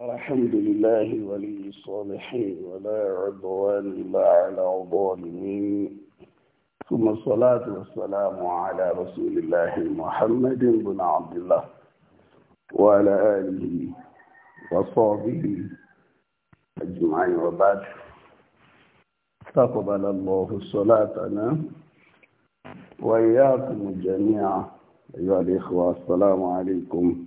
الحمد لله ولي الصالحين ولا عدوان إلا على الظالمين ثم الصلاة والسلام على رسول الله محمد بن عبد الله وعلى آله وصحبه أجمعين وبعد تقبل الله صلاتنا وإياكم جميعا أيها الإخوة السلام عليكم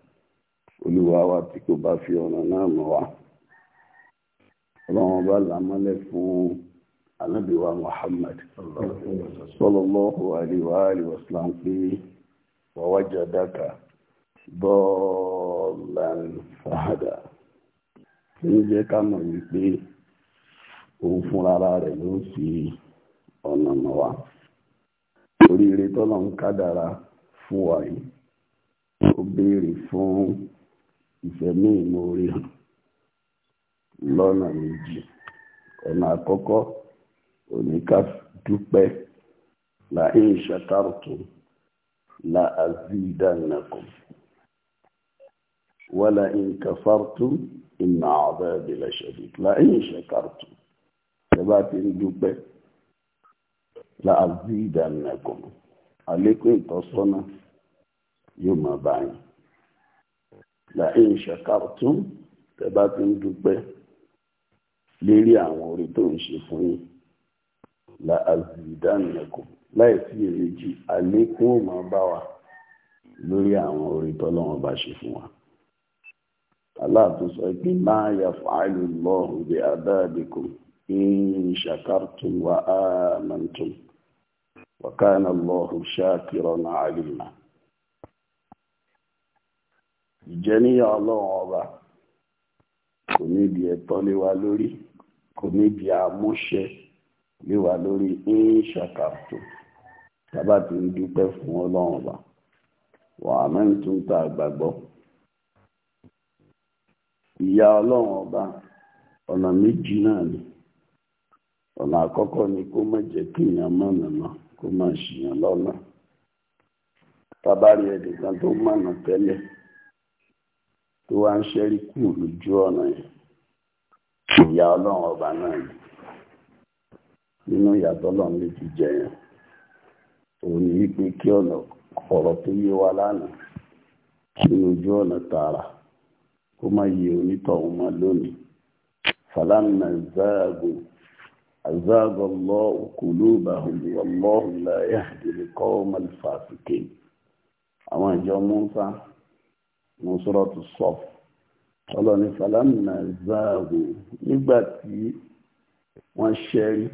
olúwa wa tí kò bá fi ọ̀nà náà mọ̀ wá ọlọ́run bá làmọ́lẹ̀ fún anábìwá Muhammad sallallahu alaihi wa alihi wasallam pé wa wajadaka bọ́ọ̀lan fàdà ń jẹ́ ká mọ̀ wípé òun fúnra rẹ̀ ló fi ọ̀nà mọ̀ wá oríire tọ́lọ̀ ń kádàrá fún wa yìí ó béèrè fún ìfẹ̀mí ìmoore hàn lọ́nà méjì ọ̀nà àkọ́kọ́ oníká dúpẹ́ la in shakartum la azidannakum wala in kafartum inna adabi la in shakartum ti ń dúpẹ́ la azidannakum àlékún ìtọ́sọ́nà yóò máa bá la in shakartum tẹ bá ti ń dúpẹ́ lérí àwọn orí tó ń ṣe fún yín la azidannakum láì sí èrèjì àlékún ò bá wa lórí àwọn orí tọ́lọ́wọ́n bá ṣe fún wa. Allah tún sọ pé máa yaf'alu Allahu bi adabikum in shakartum wa amantum wa kana ìjẹníyà ọlọ́run ọba kò níbi ẹ̀tọ́ lé wa lórí kò níbi àmúṣe lé wa lórí ìṣàkàtò tábà tí ń fún ọlọ́run ọba wàá mẹ́rin tó ń ta àgbàgbọ́ ìyá ọlọ́run ọba ọ̀nà méjì náà ni ọ̀nà àkọ́kọ́ ni kó má jẹ́ kí èèyàn kó má lọ́nà tó wá ń ṣẹ́rí kù lójú ọ̀nà yẹn ìyá ọlọ́run ọba náà yìí nínú ìyàtọ̀ ọlọ́run lè fi jẹ yẹn òun ni wípé kí ọ̀nà ọ̀rọ̀ tó yé wa lánàá nínú ojú ọ̀nà tààrà kó má yé onítọ̀hún mọ́ lónìí fàlànà záàgò àzáàgò lọ òkúlóòbà ọlọ́run láyà ìdílé kọ́ ọmọ ìfàsíkè àwọn ìjọ mọ́sá wọn sọ̀rọ̀ tó sọ ọlọ́ni falamina zaago nígbà tí wọ́n ṣẹ́rí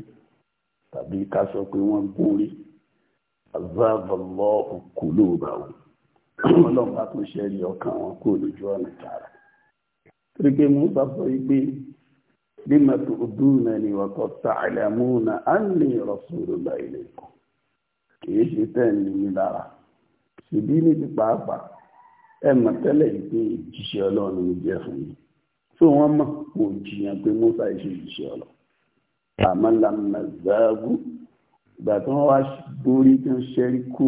tàbí ká sọ pé wọ́n gúnrí azaaballahu qulubahum ọlọ́run bá tún ṣẹ́rí ọkàn wọn kó lójú ọ̀nà tààrà torí pé musa sọ pé bima tu'dunani wa qad ta'lamuna anni rasulullah ilaykum kì í ṣe tẹ́ ń ní mi lára ṣèbí ní pàápàá ẹ mọ̀ tẹ́lẹ̀ yìí pé ìjíṣẹ́ ọlọ́run ló jẹ́ fún yín tó wọ́n mọ̀ kò jiyàn pé Musa ìṣe ìjíṣẹ́ ọlọ́run àmọ́ lamọ̀ záàgù ìgbà tí wọ́n wá borí tí wọ́n ṣẹ́rí kù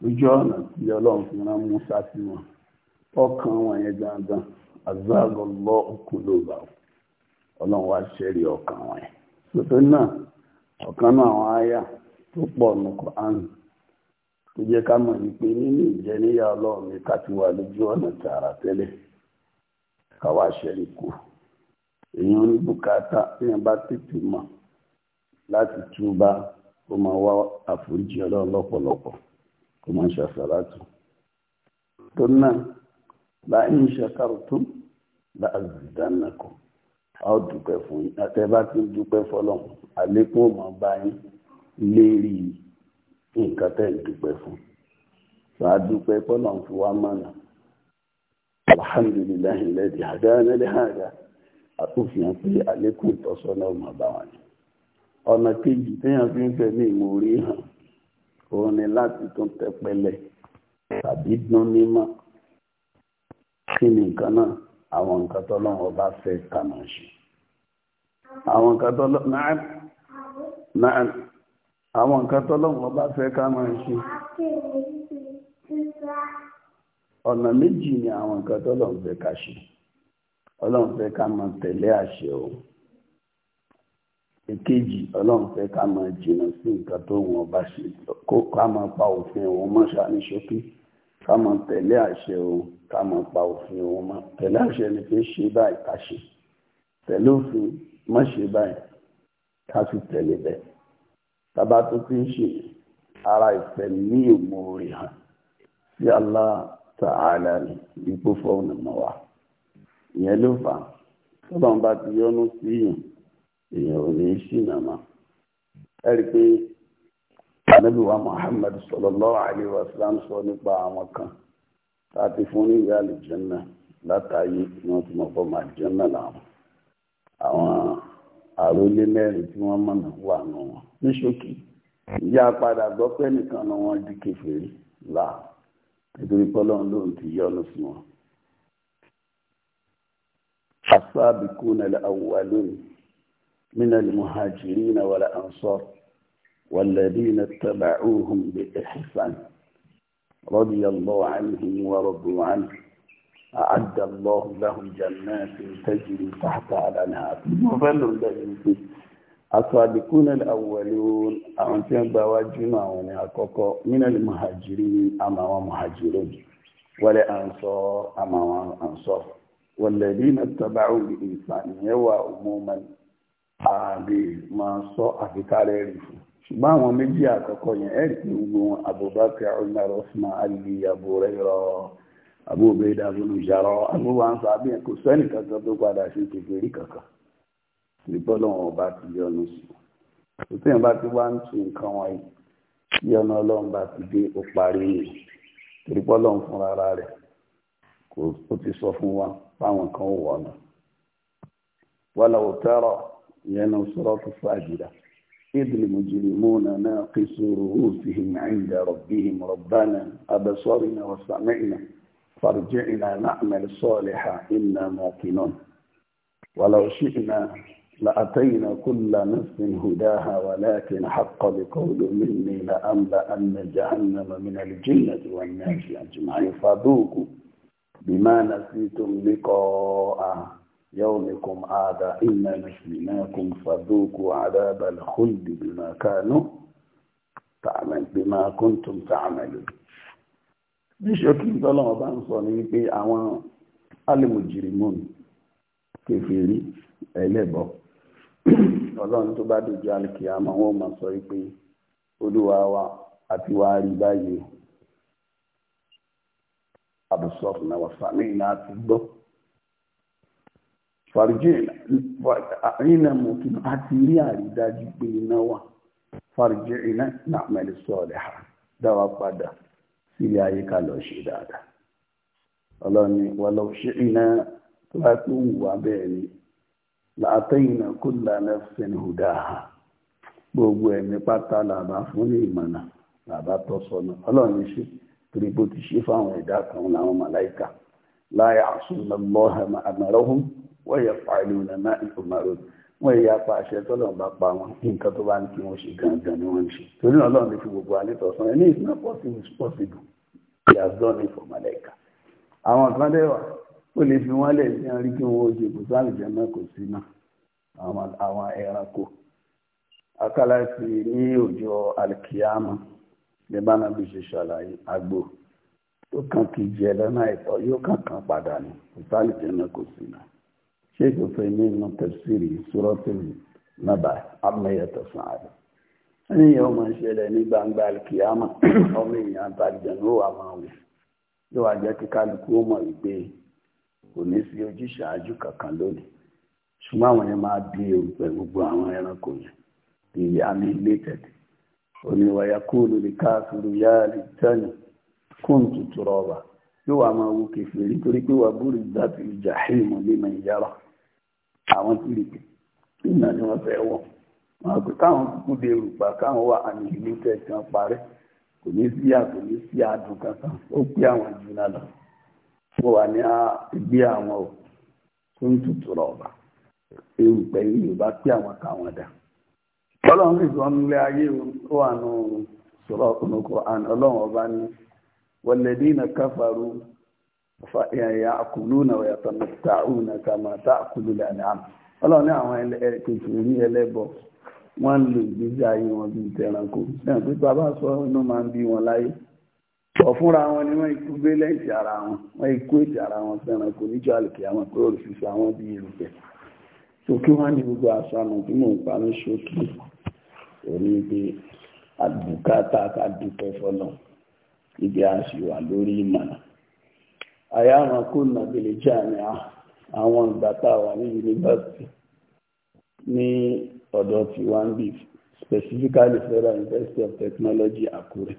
lójú ọ̀nà tí ọlọ́run fi rán Musa sí wọn ọkàn wọn yẹn dandan azáàgọ̀ lọ òkú ló bá wọn ọlọ́run wá ṣẹ́rí ọkàn wọn yẹn tuntun náà ọ̀kan náà àwọn àyà tó pọ̀ nù Kùránì tó jẹ́ ká mọ̀ wípé nínú ìjẹníyà ọlọ́run ni ká ti wà lójú ọ̀nà tààrà tẹ́lẹ̀ káwá ṣẹ̀rí kù èèyàn ní bùkátà èèyàn bá tètè mọ̀ láti túbá kó máa wá àforíjì ọlọ́run lọ́pọ̀lọpọ̀ kó máa ń ṣàṣàlátù tó náà láàyè ṣàkàrò tó láàzìdánakọ̀ a ó dúpẹ́ fún yín àtẹ́bá ti dúpẹ́ fọlọ́run àlékún ò máa lérí yìí. nǹkan tẹ̀ ń dúpẹ́ fún so adúpẹ́ pọ́nà fún wa mọ́nà alhamdulilayi lẹ́dí àdáyẹnẹ́ lẹ́hàdá pé àlékún ìtọ́sọ́nà ọmọ bá wà ní ọ̀nà kejì téèyàn fi ń fẹ́ ní ìmòrí hàn ni láti tún tẹpẹlẹ tàbí dún nímọ̀ kí ni nǹkan náà àwọn nǹkan tọ́lọ́wọ́ bá fẹ́ kà ṣe àwọn nǹkan tọ́lọ́run ọba fẹ́ ká máa ṣe ọ̀nà méjì ni àwọn nǹkan tọ́lọ́run fẹ́ ká ṣe ọlọ́run fẹ́ ká máa tẹ̀lé àṣẹ o èkejì ọlọ́run fẹ́ ká máa jìnnà sí nǹkan tó wọn bá ṣe kó ká máa pa òfin òun mọ́ ṣáà ṣókí ká máa tẹ̀lé àṣẹ o ká máa pa òfin òun mọ́ tẹ̀lé àṣẹ ni pé ṣe báyìí ká ṣe tẹ̀lé òfin má ṣe báyìí ká sì tẹ̀lé bẹ́ẹ̀ tàbá tó ti ń ṣe ara ìfẹ́ ní ìmoore hàn sí Allah Ta'ala ní ipò fọ́ọ̀nù mọ́ wa ìyẹn ló fà á tọ́lọ́n bá ti yọnu sí èèyàn ò ní ṣìnà mọ́ ẹ rí i pé ànábì wa Muhammad sallallahu alaihi wasallam sọ nípa àwọn kan tá a ti fún ní ìyá àlùjànnà látàyè ni wọ́n ti mọ̀ fọ́ màlìjànnà làwọn àwọn àròlé mẹ́rin tí wọ́n mọ̀nà wà nù wọn ní ṣókí ìyá padà gbọ́ pé nìkan ni wọ́n di kèfèrí là nítorí pọ́lọ́n lòun ti yọ́nú sí wọn. as-sabiquna al-awwalun min al-muhajirin wal-ansar والذين اتبعوهم بإحسان رضي الله عنهم ورضوا عنه أعد الله لهم جنات تجري تحتها الأنهار مفلو ذلك الصادقون الأولون أنتم بواجنا ونأكوكو من المهاجرين أما ومهاجرون والأنصار أما وأنصار والذين اتبعوا الإنسان يوى عموما àbí máa sọ àfikárẹ́ rí fún ṣùgbọ́n àwọn méjì àkọ́kọ́ yẹn ẹ̀rí pé gbogbo wọn Abubakar Umar Usman Ali Abu Hurairah àbú òbẹ́dà fúnú ìṣàrọ̀ àbúwà ń sàbí ẹ̀ kò sẹ́nì kankan tó padà sí kékeré kankan nígbà lọ́wọ́ ọba ti yọnu sí i tó yẹn bá ti wá ń tu nǹkan wọ̀nyí yọnu ọlọ́run bá ti dé ó parí rẹ̀ torí pọ́ lọ́run fúnra ara rẹ̀ kò ó ti sọ fún wa báwọn kan ò wọ̀ ọ́nà wọ́n lọ́wọ́ tẹ́rọ̀ ìyẹn náà sọ̀rọ̀ tó fún àjìdá. إذ المجرمون ناقصوا رؤوسهم عند ربهم ربنا أبصرنا وسمعنا فارجعنا نعمل صالحا إنا موقنون ولو شئنا لأتينا كل نفس هداها ولكن حق بقول مني لأملأن جهنم من الجنة والناس أجمعين فذوقوا بما نسيتم لقاء يومكم هذا إنا نسيناكم فذوقوا عذاب الخلد بما كانوا تعمل بما كنتم تعملون níṣókí tọ́lọ́wọ́ bá ń sọ ní wípé àwọn alìmùjìrìmọ́n kèfèrí ẹlẹ́bọ ọlọ́run tó bá dojú alìkìyàmá wọn máa sọ wípé olúwa wa àti wàá rí báyìí abùsọ̀f náà wà sàmì náà ti gbọ́ fàrìjìnà mọ̀ kí a ti rí àrídájú pé iná wà fàrìjìnà náà mẹ́lẹ̀ sílé ayé ká lọ ṣe dáadáa ọlọ́run ni wà lọ ṣe iná tó bá tó wù wá bẹ́ẹ̀ ni làátẹ́yìn náà kó lànà fẹ́ni hùdá ha gbogbo ẹ̀mí pátá làbá fún ní ìmọ̀nà làbá tọ́ sọnà ọlọ́run ṣe torí bó ti ṣe fáwọn ẹ̀dá kan làwọn màláìka láyà àṣùnà lọ́hàmà àmàrọ́hùn wọ́n yẹ pàìlú nàná ìfòmàrò wọ́n yẹ apá àṣẹ tọ́lọ́run bá pa wọn nǹkan tó bá ń kí wọ́n ṣe gangan ni wọ́n ń ṣe torí ọlọ́run ti fi gbogbo alẹ́ tọ̀sán ẹ̀ ní ìsìn náà possible is possible àzọ́ni fọ̀mọ́lẹ́ka àwọn kan dẹ́wà ó lè fi wọ́n lẹ̀ sí àrí kí wọ́n ojú kò sáàlì jẹ́ náà kò sí náà àwọn ẹranko akálà sí ní ọjọ́ alikiyama ní bánabi ṣe ṣàlàyé agbo tó kàn kì í jẹ lọ́nà ẹ̀tọ́ yóò kàn kàn padà ní kò sáàlì jẹ́ náà kò sí náà ṣé kò fẹ́ nínú tẹ̀síìrì sọ́rọ́tìrì náà bá amẹ́yẹtọ̀ sàn àdùn ní ọmọ ìṣẹ̀lẹ̀ ní gbangba kìámà ọmọ èèyàn àtàlìjẹ̀nú wà máa wù ló wà jẹ́ kí kálukú ó mọ̀ wípé kò ní sí ojúṣàájú kankan lónìí ṣùgbọ́n àwọn yẹn máa bí erùpẹ̀ gbogbo àwọn ẹranko yẹn bí àmì ìlétẹ̀tì oníwàyà kúlù ní káàkiri yá lè tẹ́nu kún tutù rọ̀bà yóò wà máa wù kẹfẹ́ nítorí pé wà búrú ìdábìrì jàhìmù ní nàìjíríà àwọn tìrìkì ìnà ni wọ́n fẹ́ wọ̀. wọn pé káwọn kúkú de rùpà káwọn wà annihilated kan parẹ́ kò ní sí àtò ní sí àdùn kankan ó pé àwọn jùlọ lọ mo wà ní àwọn ò tó ń tutù ewu pẹ̀lú yorùbá pé àwọn káwọn dà ọlọ́run sì sọ nílé ayé ó wà nù sọ̀rọ̀ ọlọ́run ọba ní wàlẹ́dínà káfàrú yàkùlúnà wàyàtọ̀ mẹ́ta òun náà kà máa ọlọ́run ní àwọn wọ́n ń lo ìgbésí ayé wọn bíi tẹranko ṣe pé bàbá sọ inú máa ń bí wọn láyé ọ̀fúnra wọn ni wọ́n ikú gbé lẹ́ǹtì ara wọn wọ́n ikú ètì ara wọn tẹranko níjọ́ àlùkè àwọn pé olùfífẹ́ àwọn bí irúfẹ́ tó kí wọ́n ní gbogbo aṣọ àmọ̀ tí mò ń pa ní ṣókí òní pé àbùkátà ká dúpẹ́ fọ́nà ibi àṣìwà lórí ìmọ̀nà àyà àwọn kò nàbìlẹ̀ jáàmì àwọn ìgbà tá a wà ní yunifásitì ní ọ̀dọ̀ tí wọ́n ń bì specifically Federal University of Technology Àkúrẹ́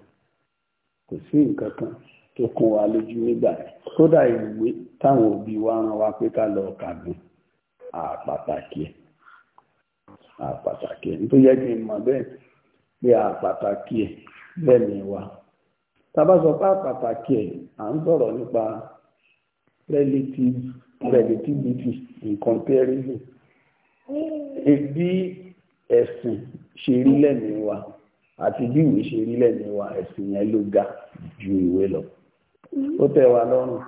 kò sí nǹkan kan tó kún wa lójú nígbà yẹn kódà ìwé táwọn òbí wa rán wa pé ká lọ kà gan àpàtàkì ẹ̀ àpàtàkì ẹ̀ nítorí yẹ kí n mọ̀ bẹ́ẹ̀ pé àpàtàkì ẹ̀ bẹ́ẹ̀ ni wa tábà sọ pé àpàtàkì ẹ̀ à ń sọ̀rọ̀ nípa relative relativity in comparison bí ẹ̀sìn ṣe rí lẹ́mìí wa àti bí ìwé ṣe rí lẹ́mìí wa ẹ̀sìn yẹn ló ga ju ìwé lọ ó tẹ́ wa lọ́rùn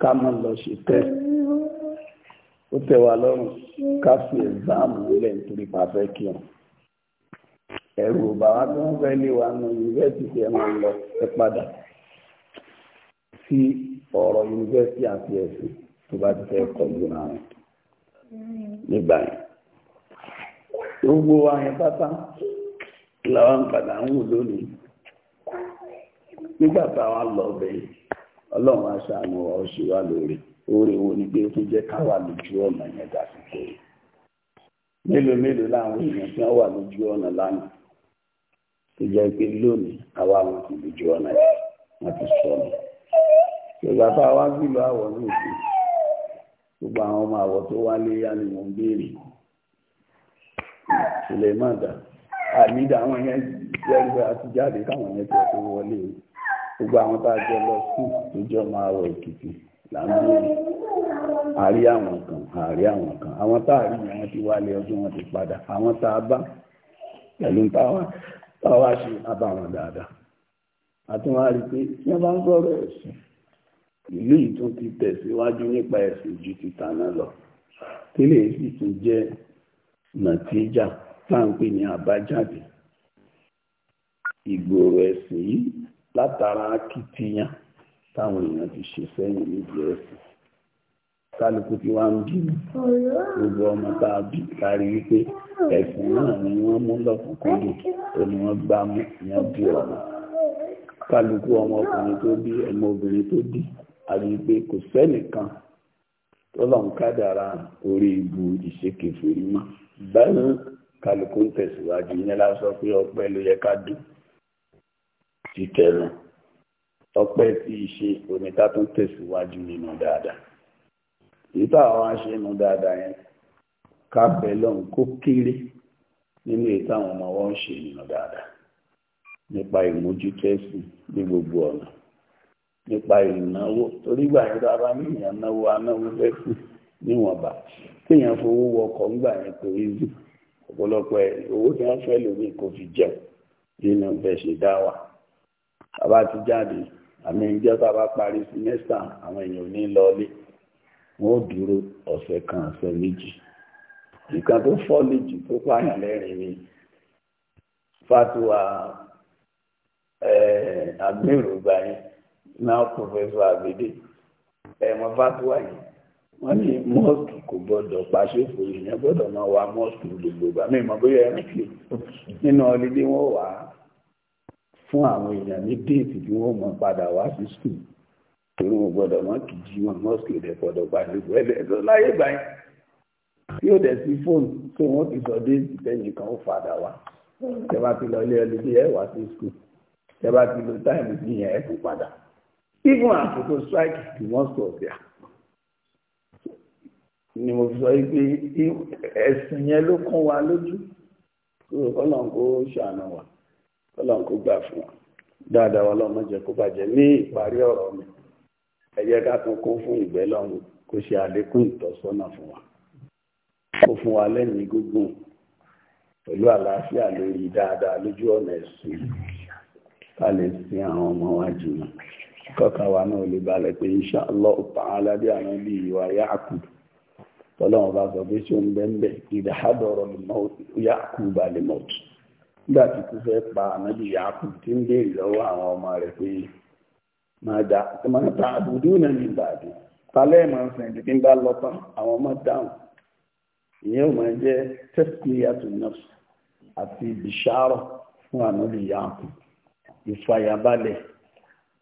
ká mọ́ lọ ṣe tẹ́ ó tẹ́ wa lọ́rùn ká fi ẹ̀záàmù lẹ̀ nítorí pàfẹ́ kí wọn ẹ̀rù ọba wa tí wọ́n fẹ́ lé wa nù yunifásitì ẹ̀ máa lọ ẹ padà sí ọ̀rọ̀ yunifásitì àti ẹ̀sìn tó bá ti fẹ́ kọjú ara nígbà yẹn gbogbo ahịa pátá làwọn padà ń wù lónìí nígbà táwọn lọ bẹ ọlọ́run aṣáájú wa ṣe wo ni pé ó tún jẹ́ ká lójú ọ̀nà yẹn dásìkò yìí mélòó mélòó láwọn èèyàn tí wà lójú ọ̀nà lánàá tó pé lónìí àwa kò lójú ọ̀nà yẹn gbogbo àwọn ọmọ àwọ̀ tó wálé yá ni wọ́n béèrè sùlẹ̀mọ́dà àmìdá àwọn yẹn jẹ́rìí àti jáde káwọn yẹn tó tó wọlé gbogbo àwọn tá a jẹ lọ sùn tó jọ máa wọ èkìtì làmúlẹ̀ àrí àwọn kan àrí àwọn kan àwọn tá a rí ni wọ́n ti wálé ọdún wọn ti padà àwọn tá a bá pẹ̀lú táwa ṣe abáwọn dáadáa àtúnwárí pé yẹn bá ń sọ̀rọ̀ ẹ̀sìn ìlú yìí tún ti tẹ̀síwájú nípa ẹ̀sìn ju ti tàná lọ tẹ́lẹ̀ sì tún jẹ́ nàtíjà táǹpé ní àbájáde ìgbòòrò ẹ̀sìn yìí látara akitiyan táwọn èèyàn ti ṣe sẹ́yìn níbi ẹ̀sìn kálukú tí wá ń bínú gbogbo ọmọ tá a bí kárí wípé ẹ̀sìn náà ni wọ́n mú lọ́kùnkúndùn ó ní wọ́n gbá mú ìyẹn bí ọ̀nà kálukú ọmọkùnrin tó bí ọmọbìnrin tó bí àgbègbè kò sẹ́nìkan tọ́lọ́n kádàrá orí ibu ìṣekèfèrí mọ́ bẹ́ẹ̀ kálukú ń tẹ̀síwájú yẹn lásán pé ọpẹ́ ló yẹ ká dùn ti tẹ̀lé ọpẹ́ tí í ṣe oníta tó ń tẹ̀síwájú nínú dáadáa èyí táwọn aṣe nínú dáadáa yẹn ká bẹ̀ lọ́hùn kó kéré nínú èyí táwọn ọmọ wọn ń ṣe nínú dáadáa nípa ìmójútó ẹ̀sìn ní gbogbo ọ̀nà nípa ìnáwó torí gbà yẹn tó a bá ní ìyàn náwó anáwó lẹ́kù níwọ̀nba téèyàn fowó wọkọ̀ ńgbà yẹn tó easy ọ̀pọ̀lọpọ̀ ẹ̀ owó tí wọ́n fẹ́ lómi kò fi jẹun nínú bẹ́ẹ̀ ṣe dá wà àbá ti jáde àmì ìjọ tá a bá parí sinẹ́sítà àwọn èèyàn ò ní lọlé wọn ò dúró ọ̀sẹ̀ kan ọ̀sẹ̀ méjì nǹkan tó fọ́ lójú tó pààyàn lẹ́rìn ni fatuwa àgbèrògbà yẹn now professor Abidi, ẹ̀mọ́ fatuwa yìí wọ́n ní mọ́ọ̀sì kò gbọ́dọ̀ pàṣẹfò èèyàn gbọ́dọ̀ máa wá mọ́ọ̀sì gbogbo ìgbà mí mọ́ bóyá ẹ̀rìn kì nínú ọlídé wọ́n wà á fún àwọn èèyàn ní déètì tí wọ́n mọ̀ padà wá sí skul torí wọn gbọ́dọ̀ mọ́ kìjì wọn mọ́ọ̀sì kò dẹ̀ gbọ́dọ̀ pàṣẹfò ẹ̀dẹ̀ tó láyé gbà yẹn tí ó dẹ̀ sí fóònù tó wọ́n ti sọ déètì tẹ́yìn kan ó padà wá tẹ́ ti lọ ilé ọlídé ẹ̀ wá sí skul tẹ́ ti lo táìmù even àsìkò strike the one there ni mo sọ pé ẹ̀sìn yẹn ló kún wa lójú kúrò kọ́lọ̀n kó ṣàánà wa kọ́lọ̀n kó gbà fún wa dáadáa wọn lọ́mọ jẹ́ kó bàjẹ́ ní ìparí ọ̀rọ̀ mi ẹ jẹ́ ká tún kún fún ìgbẹ́ lọ́run kó ṣe àlékún ìtọ́sọ́nà fún wa kó fún wa lẹ́mìí gúngùn pẹ̀lú àlàáfíà lórí dáadáa lójú ọ̀nà ẹ̀sìn ká lè sin àwọn ọmọ wa jùlọ. kọkàn wa náà lè balẹ̀ pé insha Allah ta'ala bí àwọn bí ìwà Ya'qub tọ́lọ́wọ́n bá sọ pé ṣé ń bẹ́ńbẹ́ ìdáhàdọ̀rọ̀ Ya'qub lè nígbà tí kú fẹ́ pa ànábì Ya'qub tí ń béèrè àwọn ọmọ rẹ̀ pé máa dá máa ta náà ní ìbàdí máa ń bá lọ tán àwọn ọmọ dáhùn ìyẹn ò máa jẹ́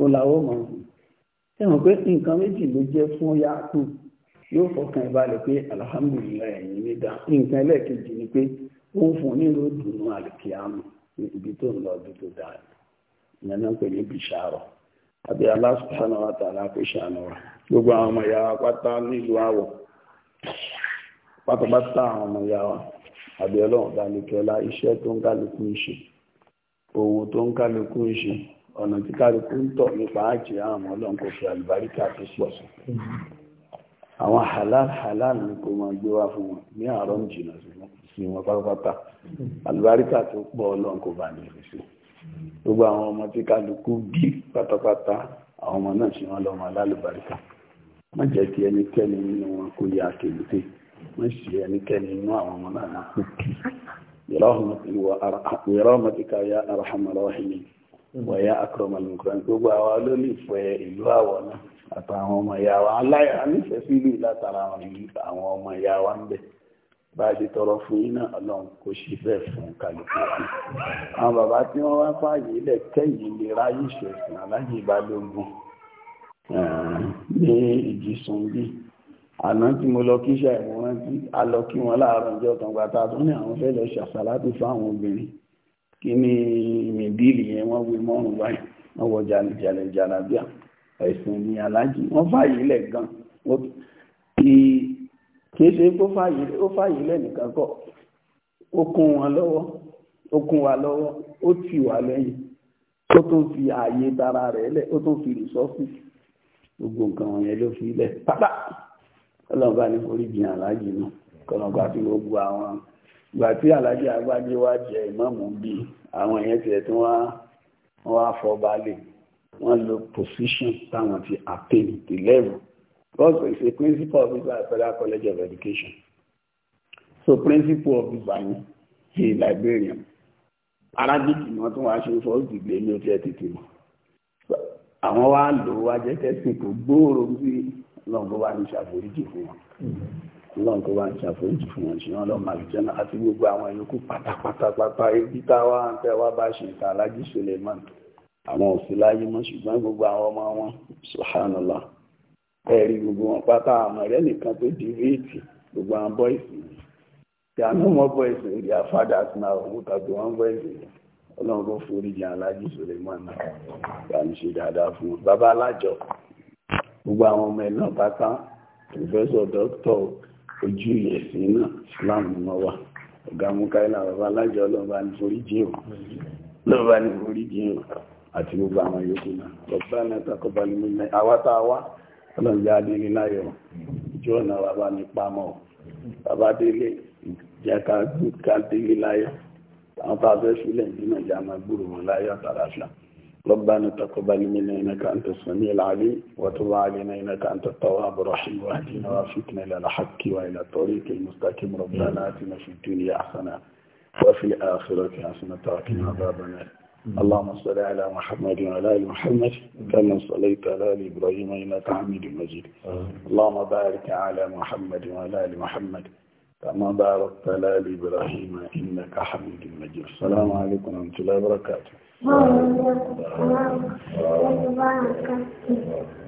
ó làwọ́ mọ̀ ọ́n tẹ̀wọ̀n pé nǹkan méjì ló jẹ́ fún yáàkù yóò fọkàn ìbalẹ̀ pé alhamdulilayi ẹ̀yìn mi dá nǹkan ẹlẹ́ẹ̀kejì ni pé ó ń fún nílò dùnú àlìkíyàmù ibi tó ń lọ ibi tó dáa ìyẹn náà pè ní bìṣàrọ̀ àbí Allah subhanahu wa ta'ala kó ṣàánú wa gbogbo àwọn ọmọ ìyá wa pátá nílùú àwọ̀ pátápátá àwọn ọmọ ìyá wa àbí ọlọ́run dáníkẹ́lá iṣẹ́ tó ń kálukú ń ṣe owó tó ń kálukú ń ṣe ọ̀nà tí kálukú ń tọ̀ nípa ájì àwọn ọlọ́run kò fi àlùbáríkà tó pọ̀ sí àwọn halal halal ni kò máa gbé wá fún wọn ní àárọ̀ jìnnà sí wọn pátápátá àlùbáríkà tó pọ̀ ọlọ́run kò bá nìyẹn sí gbogbo àwọn ọmọ tí kálukú bí pátápátá àwọn ọmọ náà ṣe wọn lọ́mọ alálùbáríkà má jẹ́ kí ẹnikẹ́ni nínú wọn kó yá kèlúté má sì ẹnikẹ́ni nínú àwọn ọmọ náà kú kí ìrọ́mọ̀tíkà yá arhamar rahimin wọ̀yá akramal mukran gbogbo àwa olólùfẹ́ ìlú àwọ̀ náà àtàwọn ọmọ ìyá wa aláìra nífẹ̀ẹ́ sílù látara àwọn ọmọ ìyá wa ń bẹ̀ bá a ti tọrọ fún yín náà ọlọ́run kò ṣe bẹ́ẹ̀ fún kálukú àwọn bàbá tí wọ́n wá fààyè ilẹ̀ kẹ́yìn lè ráyè ìṣẹ̀sìn aláàjì ìbálògùn ní ìjìsùn bíi àná tí mo lọ kíṣà ìwọ̀n rántí a lọ kí wọn láàárọ̀ ọjọ́ kan gbàtà tó ní àwọn fẹ́ lọ ṣàṣà láti fún obìnrin kí ni mìdílì yẹn wọ́n wé mọ́rùn báyìí wọ́n wọ jàlẹ̀ jàlábíà ẹ̀sìn ní aláàjì wọ́n fààyè lẹ̀ gan kì í ṣe kó fààyè lẹ̀ nìkan kọ́ ó kún wọn lọ́wọ́ ó wa lọ́wọ́ ó tì wá lẹ́yìn ó tún fi ààyè tara rẹ̀ lẹ̀ ó tún fi rìsọ́ọ̀sì gbogbo nǹkan wọ̀nyẹn ló fi lẹ̀ pátá ọlọ́ọ̀bá ní orí jìnnà aláàjì náà kọ́nà gbà fi gbogbo àwọn ìgbà tí alájà agbájé wá jẹ ìmáàmù bí àwọn èèyàn tiẹ̀ tí wọ́n wá fọ́ balẹ̀ wọ́n lo position táwọn ti attain the level because it's a principle of Israel Federal College of Education so principle of Israel ṣe librarian Arabic ni wọ́n tún wá ṣe first degree ní ojú ẹ̀ tètè mọ́ àwọn wá lò wá jẹ́ kẹ́sìn tó gbòòrò sí lọ́nà tó bá ní ṣàforíjì fún wọn ọlọ́run kó wá ń ṣàforíjì fún wọn ṣùgbọ́n ọlọ́run àlùjẹ́nà àti gbogbo àwọn yòókù pátápátápátá ibi táwa ń tẹ́ wá bá ṣe ìta alájí Suleiman àwọn òsì láyé mọ́ ṣùgbọ́n gbogbo àwọn ọmọ wọn subhanallah ẹ̀rí gbogbo wọn pátá àmọ́ rẹ̀ nìkan tó di réètì gbogbo àwọn bọ́ìsì yìí tí a ní wọn bọ́ìsì yìí their fathers now wọ́n tàbí wọn bọ́ìsì yìí ọlọ́run kó foríjì alájí Suleiman náà bá ń ṣe dáadáa fún wọn bàbá alájọ gbogbo àwọn ọmọ ẹ̀ náà pátá professor doctor ojú ìyẹ̀sìn náà islam mọ́ wa ọ̀gá múkáílà bàbá alájọ ọlọ́ba ní foríjì o lọ́ba ní foríjì o àti gbogbo àwọn yòókù náà lọ́ba náà takọba ní mímẹ́ àwátáwá ọlọ́jà adélé láyọ̀ ojú ọ̀nà bàbá ní pamọ́ bàbá délé ìjàkà gbùkà délé láyọ̀ ربنا تقبل منا إنك أنت السميع العليم وتب علينا إنك أنت التواب الرحيم واهدنا وافتنا إلى الحق وإلى الطريق المستقيم ربنا آتنا في الدنيا حسنة وفي الآخرة حسنة وقنا عذاب النار اللهم صل على محمد وعلى آل محمد كما صليت على آل إبراهيم إنك حميد مجيد اللهم بارك على محمد وعلى آل محمد كما باركت على إبراهيم إنك حميد مجيد السلام عليكم ورحمة الله وبركاته